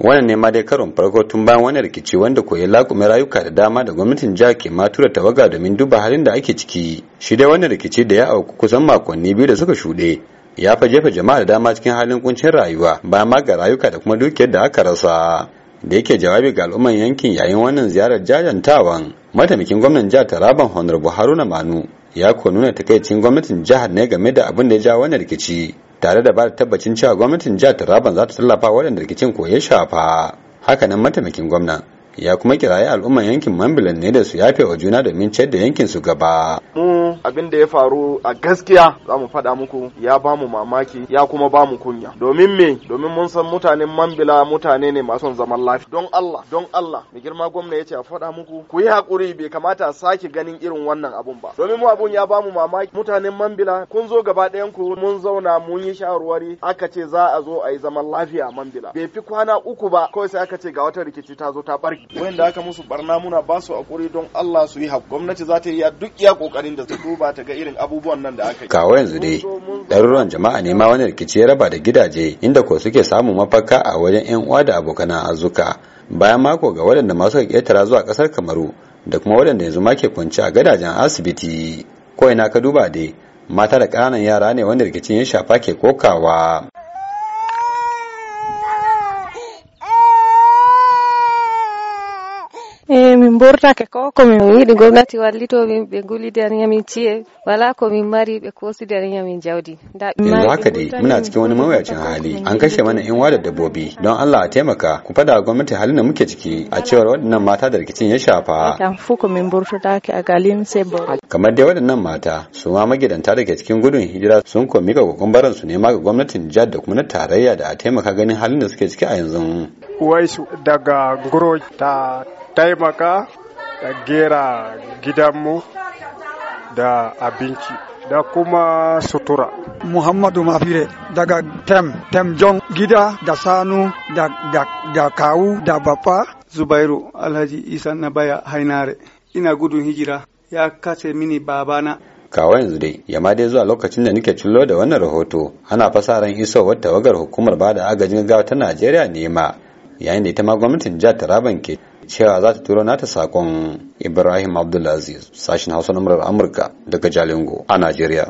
wannan ne ma dai karon farko tun bayan wani rikici wanda koyi lakume rayuka da dama da gwamnatin jihar ke ma tura tawaga domin duba halin da ake ciki shi dai wani rikici da ya auku kusan makonni biyu da suka shuɗe ya fa jefa jama'a da dama cikin halin kuncin rayuwa bayan ma ga rayuka da kuma dukiyar da aka rasa da yake jawabi ga al'umman yankin yayin wannan ziyarar jajantawan mataimakin gwamnan jihar taraban honorable haruna manu ya ko nuna takaicin gwamnatin jihar ne game da abin da ya ja wannan rikici tare da ba da tabbacin cewa gwamnatin jihar Taraban za ta tallafa waɗanda rikicin ko ya shafa. Hakanan mataimakin gwamna ya kuma kiraye al'umman yankin mambilan ne da su yafe wa juna domin ciyar da yankin su gaba mu abin da ya faru a gaskiya za mu faɗa muku ya ba mu mamaki ya kuma ba mu kunya domin me domin mun san mutanen mambila mutane ne masu zaman lafiya don Allah don Allah mai girma gwamna ya ce a faɗa muku ku yi hakuri bai kamata sake ganin irin wannan abun ba domin mu abun ya ba mu mamaki mutanen mambila kun zo gaba ɗayan ku mun zauna mun yi shawarwari aka ce za a zo a yi zaman lafiya mambila bai fi kwana uku ba kawai sai aka ce ga wata rikici ta zo ta ɓarke wanda aka musu barna muna ba su hakuri don Allah su yi gwamnati za ta yi duk iya kokarin da ta duba ta ga irin abubuwan nan da aka yi kawo yanzu dai ɗaruruwan jama'a ne ma wani rikici ya raba da gidaje inda ko suke samun mafaka a wajen yan uwa da abokan arzuka bayan mako ga waɗanda masu ƙetara zuwa ƙasar kamaru da kuma waɗanda yanzu ma ke kwanci a gadajen asibiti ko ina ka duba dai mata da ƙananan yara ne wani rikicin ya shafa ke kokawa burtake ko komin yiɗi gomnati wallitomin ɓe gullidani yamin ciye wala ko min mari ɓe kosidani yamin jawdi yanzu eh, haka dai muna cikin wani mawuyacin hali an kashe mana yan wada dabbobi don allah a taimaka ku fada gwamnati halin da muke ciki a cewar waɗannan mata da rikicin ya shafa kamar dai waɗannan mata su ma magidanta da ke cikin gudun hijira sun komi ga kokumbaran su nema ga gwamnatin jihar da kuma na tarayya da a taimaka ganin halin da suke ciki a yanzu waisu daga guro ta taimaka da gera gidanmu da abinci da kuma sutura. Muhammadu Mafire daga Tem, Tem John gida da Sanu da, Kawu da Baffa. Zubairu Alhaji Isa na baya hainare. Ina gudun hijira ya kace mini babana. Kawo yanzu dai, yamma dai zuwa lokacin da nake cillo da wannan rahoto, ana fasaran isowar tawagar hukumar bada agajin gawa ta Najeriya ne ma, yayin da ita ma gwamnatin jihar Taraban ke cewa za ta turo nata sakon Ibrahim Abdulaziz sashen Hausa na Amurka daga Jalingo a Najeriya.